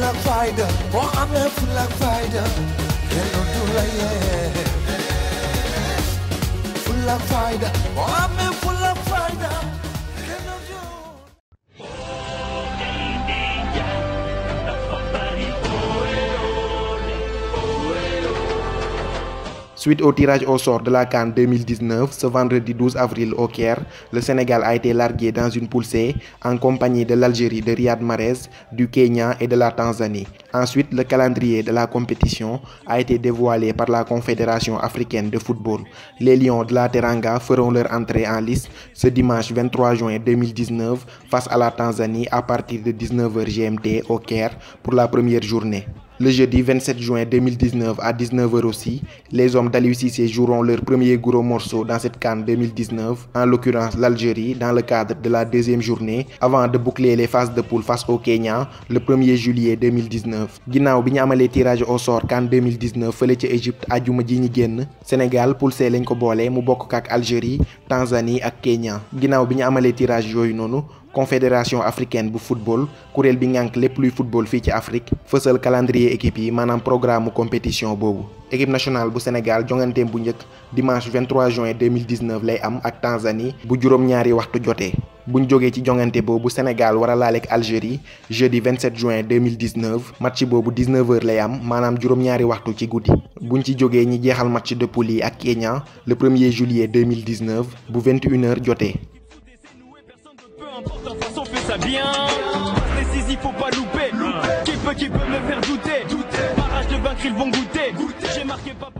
like fighter, oh I'm a full like fighter. Hello do like yeah. Full like fighter, oh I'm a Suite au tirage au sort de la Cannes 2019, ce vendredi 12 avril au Caire, le Sénégal a été largué dans une poussée en compagnie de l'Algérie de Riyad Mahrez, du Kenya et de la Tanzanie. Ensuite, le calendrier de la compétition a été dévoilé par la Confédération africaine de football. Les Lions de la Teranga feront leur entrée en liste ce dimanche 23 juin 2019 face à la Tanzanie à partir de 19h GMT au Caire pour la première journée. Le jeudi 27 juin 2019 à 19h aussi, les hommes d'Aliou Cissé joueront leur premier gros morceau dans cette canne 2019, en l'occurrence l'Algérie, dans le cadre de la deuxième journée, avant de boucler les phases de poule face au Kenya le 1er juillet 2019. ginnaaw bi tirages au sort CAN 2019 Égypte à Sénégal Poulsé lañ ko Algérie Tanzanie ak Kenya tirage confédération africaine de football kuréel bi ngànk lépp luy football fii ci Afrique le calendrier équipe yi maanaam programme compétition bobo. équipe nationale bu Sénégal jonganteem bu dimanche 23 juin 2019 lay am ak Tanzanie bu juróom-ñaari waxtu jotee. buñ ci jongante boobu Sénégal Wara a Algérie jeudi 27 juin 2019 match bobo 19h lay am manam juróom-ñaari waxtu ci guddi buñ ci jógee ñi match de poule à ak Kenya le 1er juillet 2019 bu 21h jotee bien. Passe il faut pas louper. Qui peut, qui peut me faire douter. Douter. Barrage de vaincre, ils vont goûter. J'ai marqué pas.